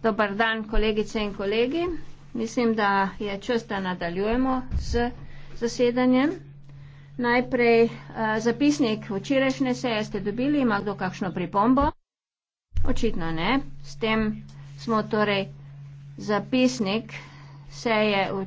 dober dan kolegice in kolegi. Mislim, da je čas, da nadaljujemo z zasedanjem. Najprej, eh, zapisnik včerajšnje seje ste dobili, ima kdo kakšno pripombo? Očitno ne. S tem smo torej zapisnik seje v